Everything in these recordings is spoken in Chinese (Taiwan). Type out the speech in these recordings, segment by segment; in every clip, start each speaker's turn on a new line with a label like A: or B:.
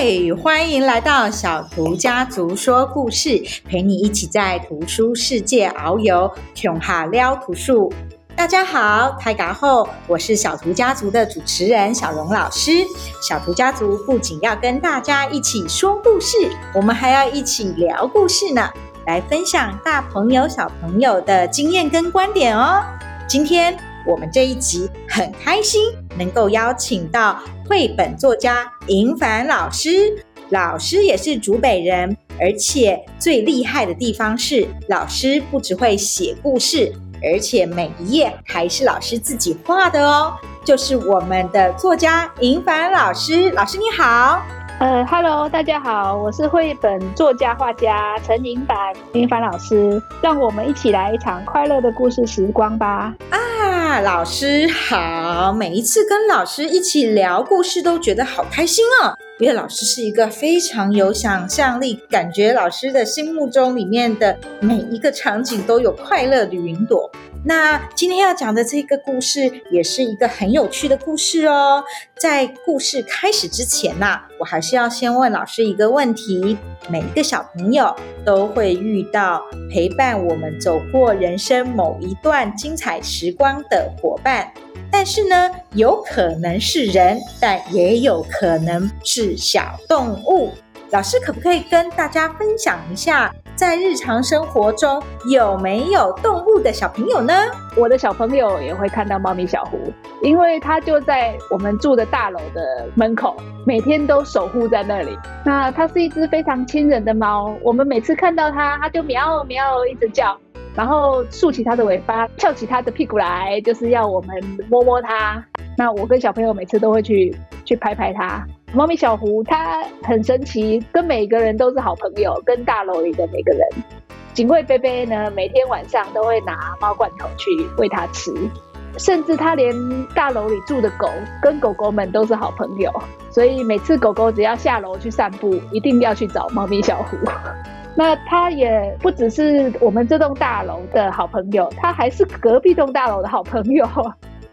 A: 嘿，歡迎來到小圖家族說故事，陪你一起在圖書世界遨遊，窮哈撩圖書。大家好，太嘎後，我是小圖家族的主持人小蓉老師。小圖家族不僅要跟大家一起說故事，我們還要一起聊故事呢，來分享大朋友小朋友的經驗跟觀點哦。今天我們這一集很開心。能夠邀請到繪本作家盈帆老師，老師也是竹北人，而且最厲害的地方是，老師不只會寫故事，而且每一頁還是老師自己畫的哦。
B: 就是我們的作家盈帆老師，老師你好，呃，Hello，大家好，我是繪本作家畫家陳盈帆，盈帆老師，讓我們一起來一場快樂的故事時光吧。
A: 啊。老師好，每一次跟老師一起聊故事都覺得好開心啊。因為老師是一個非常有想象力感覺老師的心目中裡面的每一個場景都有快樂的雲朵。那今天要講的這個故事也是一個很有趣的故事哦。在故事開始之前呢、啊，我還是要先問老師一個問題：每一個小朋友都會遇到陪伴我們走過人生某一段精彩時光的夥伴，但是呢，有可能是人，但也有可能是小動物。老師可不可以跟大家分享一下？在日常生活中有
B: 沒有動物的小朋友呢？我的小朋友也會看到貓咪小胡，因為它就在我們住的大樓的門口，每天都守護在那裡。那它是一隻非常親人的貓，我們每次看到它，它就喵喵一直叫，然後豎起它的尾巴，翹起它的屁股來，就是要我們摸摸它。那我跟小朋友每次都會去去拍拍它。貓咪小胡他很神奇，跟每個人都是好朋友，跟大樓裡的每個人。警衛菲菲呢，每天晚上都會拿貓罐頭去餵它吃，甚至他連大樓裡住的狗，跟狗狗們都是好朋友。所以每次狗狗只要下樓去散步，一定要去找貓咪小胡。那他也不只是我們這棟大樓的好朋友，他還是隔壁棟大樓的好朋友。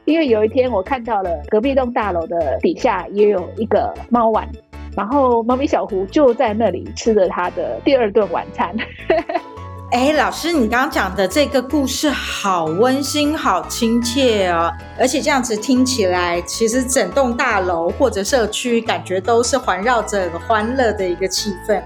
B: 因為有一天我看到了隔壁棟大樓的底下也有一個貓碗，然後貓咪小胡就在那裡吃着他的第二頓晚餐。
A: 哎，老師，你剛剛講的這個故事好溫馨、好親切哦，而且這樣子聽起來，其實整棟大樓或者社區感覺都是環繞着歡樂的一個氣氛。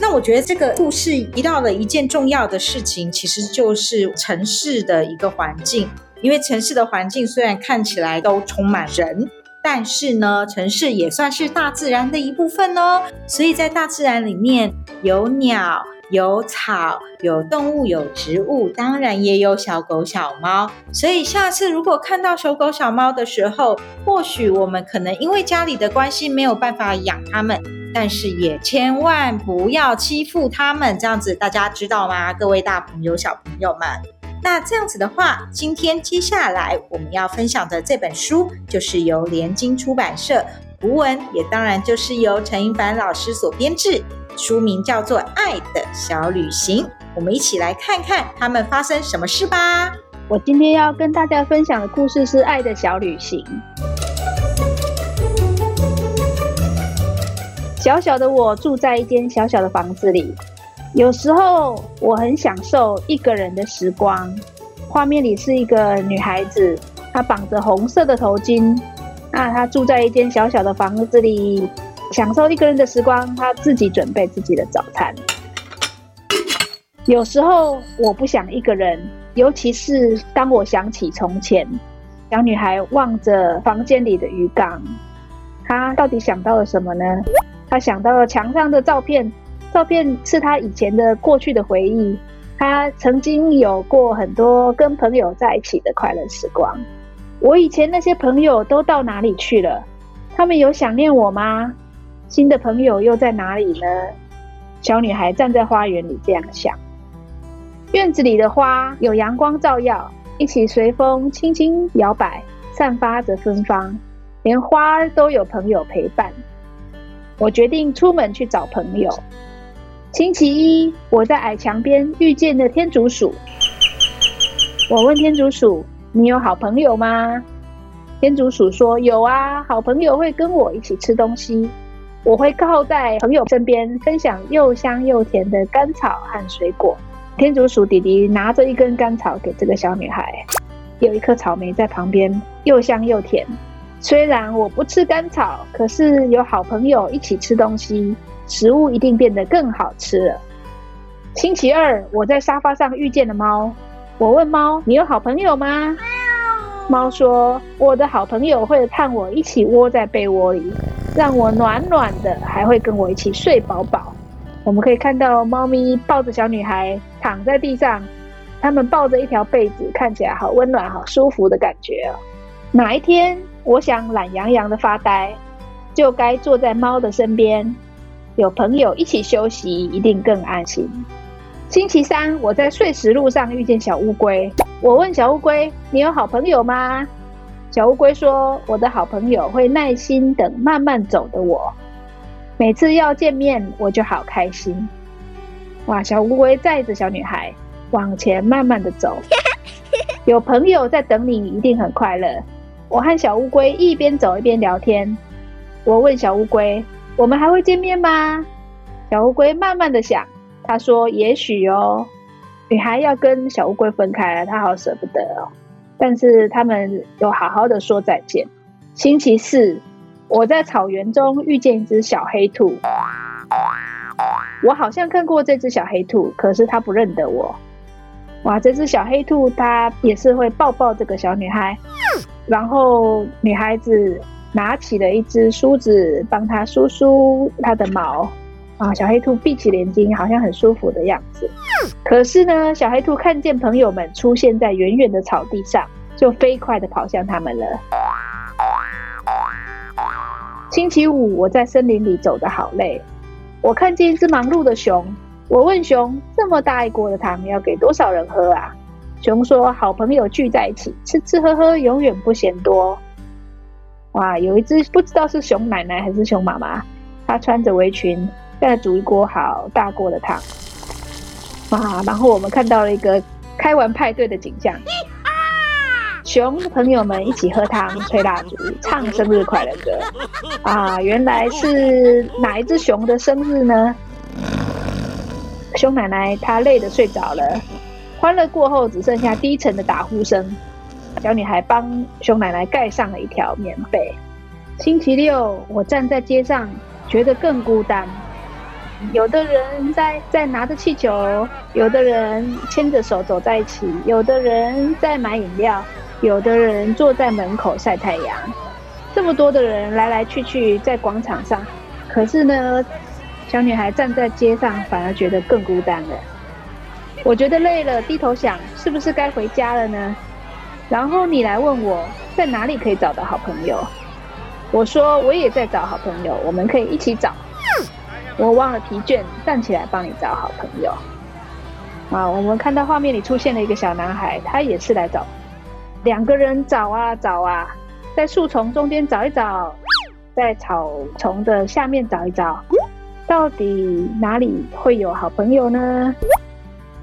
A: 那我覺得這個故事提到了一件重要的事情，其實就是城市的一個環境。因為城市的環境雖然看起來都充滿人，但是呢，城市也算是大自然的一部分哦。所以在大自然裡面有鳥、有草、有動物、有植物，當然也有小狗、小貓。所以下次如果看到小狗、小貓的時候，或許我們可能因為家裡的關係沒有辦法養它們，但是也千萬不要欺負它們，這樣子大家知道嗎？各位大朋友、小朋友們。那這樣子的話，今天接下來我們要分享的這本書，就是由聯經出版社圖文，也當然就是由陳盈帆老師所編制。書名叫做《愛的小旅行》，我們一起來看看他們發生什麼事吧。
B: 我今天要跟大家分享的故事是《愛的小旅行》。小小的我住在一間小小的房子裡。有時候我很享受一個人的時光。畫面裡是一個女孩子，她綁着紅色的頭巾。那、啊，她住在一間小小的房子裡，享受一個人的時光。她自己準備自己的早餐。有時候我不想一個人，尤其是當我想起從前。小女孩望着房間裡的魚缸，她到底想到了什麼呢？她想到了牆上的照片。照片是他以前的、過去的回憶，他曾經有過很多跟朋友在一起的快樂時光。我以前那些朋友都到哪裡去了？他們有想念我嗎？新的朋友又在哪裡呢？小女孩站在花園裡這樣想。院子裡的花有陽光照耀，一起隨風輕輕搖擺，散發着芬芳。連花都有朋友陪伴。我決定出門去找朋友。星期一，我在矮牆邊遇見了天竺鼠。我問天竺鼠：“你有好朋友嗎？”天竺鼠說：“有啊，好朋友會跟我一起吃東西。我會靠在朋友身邊，分享又香又甜的甘草和水果。”天竺鼠弟弟拿着一根甘草給這個小女孩，有一顆草莓在旁邊，又香又甜。雖然我不吃甘草，可是有好朋友一起吃東西。食物一定變得更好吃了。星期二，我在沙發上遇見了貓。我問貓：“你有好朋友嗎？”喵貓說：“我的好朋友會伴我一起窩在被窩裡，讓我暖暖的，還會跟我一起睡飽飽。”我們可以看到貓咪抱着小女孩躺在地上，它們抱着一條被子，看起來好溫暖、好舒服的感覺哦。哪一天我想懶洋洋的發呆，就該坐在貓的身邊。有朋友一起休息，一定更安心。星期三，我在碎石路上遇見小烏龜。我問小烏龜：“你有好朋友嗎？”小烏龜說：“我的好朋友會耐心等，慢慢走的我。每次要見面，我就好開心。”哇！小烏龜載着小女孩往前慢慢的走。有朋友在等你，一定很快樂。我和小烏龜一邊走一邊聊天。我問小烏龜。我們還會見面嗎？小烏龜慢慢地想。他說：“也許哦。”女孩要跟小烏龜分開了，她好捨不得哦。但是他們有好好的說再見。星期四，我在草原中遇見一隻小黑兔。我好像看過這隻小黑兔，可是它不認得我。哇，這隻小黑兔它也是會抱抱這個小女孩。然後女孩子。拿起了一支梳子，幫他梳梳他的毛。啊、哦，小黑兔閉起眼睛，好像很舒服的樣子。可是呢，小黑兔看見朋友們出現在遠遠的草地上，就飛快地跑向他們了。星期五，我在森林裡走得好累。我看見一隻忙碌的熊。我問熊：“這麼大一鍋的糖，要給多少人喝啊？”熊說：“好朋友聚在一起，吃吃喝喝，永遠不嫌多。”哇，有一隻不知道是熊奶奶還是熊媽媽，她穿着圍裙，在煮一鍋好大鍋的湯。啊，然後我們看到了一個開完派對的景象，熊朋友們一起喝湯、吹蠟燭、唱生日快樂歌。啊，原來是哪一隻熊的生日呢？熊奶奶她累得睡着了，歡樂過後只剩下低沉的打呼聲。小女孩幫熊奶奶蓋上了一條棉被。星期六，我站在街上，覺得更孤單。有的人在在拿着氣球，有的人牽着手走在一起，有的人在買飲料，有的人坐在門口曬太陽。這麼多的人來來去去在廣場上，可是呢，小女孩站在街上反而覺得更孤單了。我覺得累了，低頭想，是不是該回家了呢？然後你來問我在哪裡可以找到好朋友，我說我也在找好朋友，我們可以一起找。我忘了疲倦，站起來幫你找好朋友。啊，我們看到畫面裡出現了一個小男孩，他也是來找。兩個人找啊找啊，在樹叢中間找一找，在草叢的下面找一找，到底哪裡會有好朋友呢？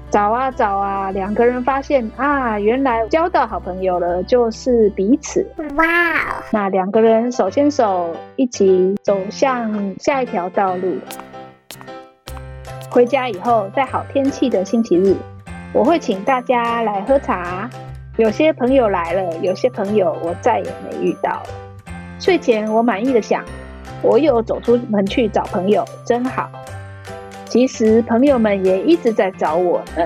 B: 找啊找啊，兩個人發現啊，原來交到好朋友了就是彼此。哇媽！那兩個人手牽手一起走向下一條道路。回家以後，在好天氣的星期日，我會請大家來喝茶。有些朋友來了，有些朋友我再也沒遇到了。睡前，我滿意的想：我有走出門去找朋友，真好。其實朋友們也一直在找我呢。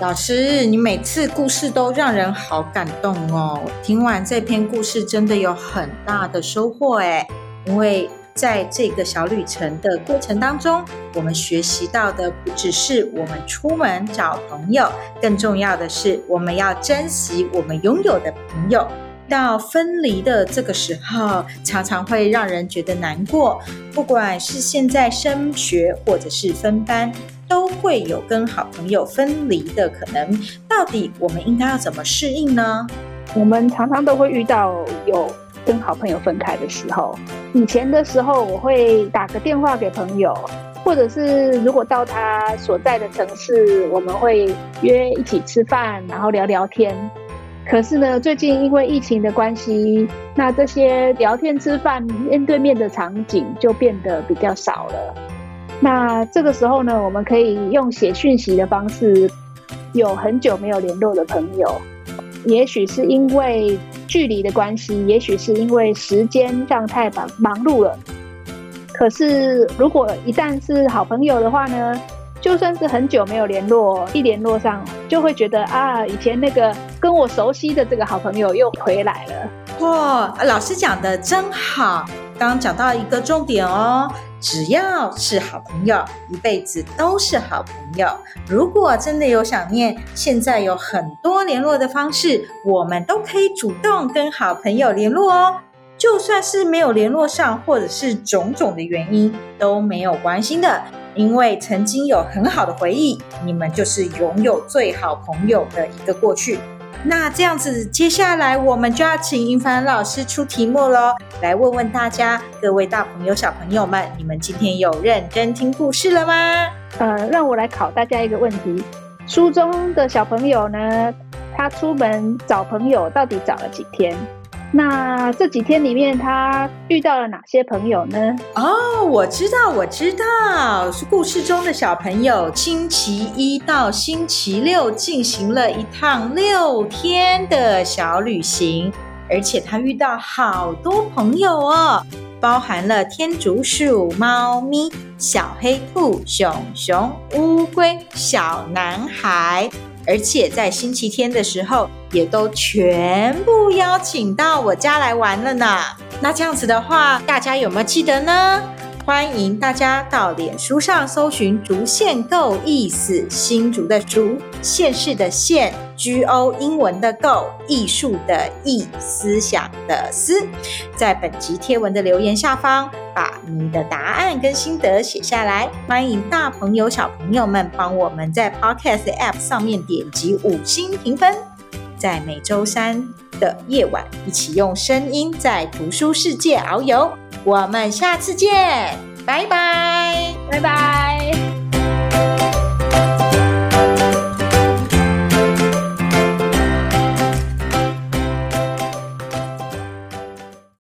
B: 老師，你每
A: 次故事都讓人好感動哦！聽完這篇故事，真的有很大的收穫哎。因為在這個小旅程的過程當中，我們學習到的不只是我們出門找朋友，更重要的是我們要珍惜我們擁有的朋友。到分離的這個時候，常常會讓人覺得難過。不管是現在升學，或者是分班，都會有跟好朋友分離的可能。到底
B: 我們應該要怎麼適應呢？我們常常都會遇到有跟好朋友分開的時候。以前的時候，我會打個電話給朋友，或者是如果到他所在的城市，我們會約一起吃飯，然後聊聊天。可是呢，最近因為疫情的關係，那這些聊天、吃飯、面對面的場景就變得比較少了。那這個時候呢，我們可以用寫訊息的方式，有很久沒有聯絡的朋友，也許是因為距離的關係，也許是因為時間上太忙忙碌了。可是，如果一旦是好朋友的話呢？就算是很久沒有聯絡，一聯絡上就會覺得啊，以前那個跟我熟悉的這個好朋友又回來了。
A: 哇、哦，老師講的真好，剛講到一個重點哦，只要是好朋友，一輩子都是好朋友。如果真的有想念，現在有很多聯絡的方式，我們都可以主動跟好朋友聯絡哦。就算是沒有聯絡上，或者是種種的原因，都沒有關係的。因為曾經有很好的回憶，你們就是擁有最好朋友的一個過去。那這樣子，接下來我們就要請盈帆老師出題目嘍，來問問大家，各位大朋友、小朋友們，你們今天有認真聽故
B: 事了嗎？呃，讓我來考大家一個問題：書中的小朋友呢，他出門找朋友到底找了幾天？那這幾天裡面，他遇到了哪些朋友呢？
A: 哦，oh, 我知道，我知道，是故事中的小朋友，星期一到星期六進行了一趟六天的小旅行，而且他遇到好多朋友哦，包含了天竺鼠、貓咪、小黑兔、熊熊、烏龜、小男孩。而且在星期天的時候，也都全部邀請到我家來玩了呢。那這樣子的話，大家有沒有記得呢？歡迎大家到臉書上搜尋“竹縣 GO 藝思」，新竹的竹，縣市的縣，GO 英文的 GO，藝術的藝，思想的思，在本集貼文的留言下方，把你的答案跟心得寫下來。歡迎大朋友小朋友們幫我們在 Podcast App 上面點擊五星評分，在每周三的夜晚，一起用聲音在讀書世界遨遊。我們下次見，拜拜，拜拜。